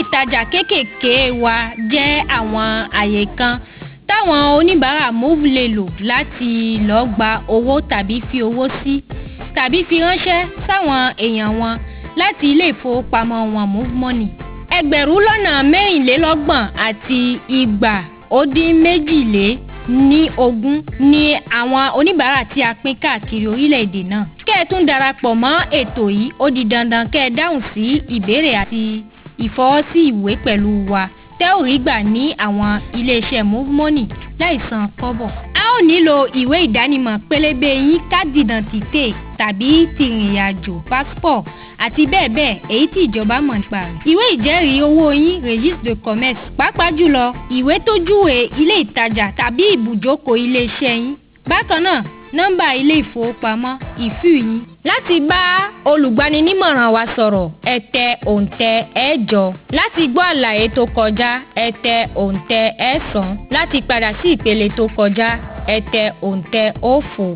ìtajà kéékèèké wa jẹ́ àwọn àyè kan táwọn oníbàárà move lè lò láti lọ gba owó tàbí fi owó sí tàbí fi ránṣẹ́ sáwọn èèyàn wọn láti ilé ìfowópamọ́ wọn move money ẹgbẹ̀rún lọ́nà mẹ́rìnlélọ́gbọ̀n àti igba ó dín méjìlé ní ogún ni àwọn oníbàárà tí a pín káàkiri orílẹ̀-èdè náà. kẹ́ ẹ tún darapọ̀ mọ́ ètò yìí ó di dandan kẹ́ ẹ dáhùn sí ìbéèrè àti ìfọwọ́sí ìwé pẹ̀lú wa tẹ́ ò rí gbà ní àwọn iléeṣẹ́ mọ́nì láì san kọ́bọ̀. a ó nílò ìwé ìdánimọ̀ pélébé yín káàdì ìdàntìtè tàbí tìrìnàjò passport àti bẹ́ẹ̀ bẹ́ẹ̀ èyí tí ìjọba mọ̀ nípa rẹ̀. ìwé ìjẹ́rìí owó yín registre de commerce pàápàá jùlọ ìwé tó júwe ilé ìtajà tàbí ibùjókòó iléeṣẹ́ yín. bákan náà nọ́mbà ilé ìfowópamọ́ ìfìyín. láti bá olùgbaninímọ̀ràn wa sọ̀rọ̀ ẹ tẹ òǹtẹ̀ ẹ̀jọ láti gbọ́ àlàyé tó kọjá ẹ tẹ òǹtẹ̀ ẹ̀sán láti padà sí ìpele tó kọjá ẹ tẹ òǹtẹ̀ òfo.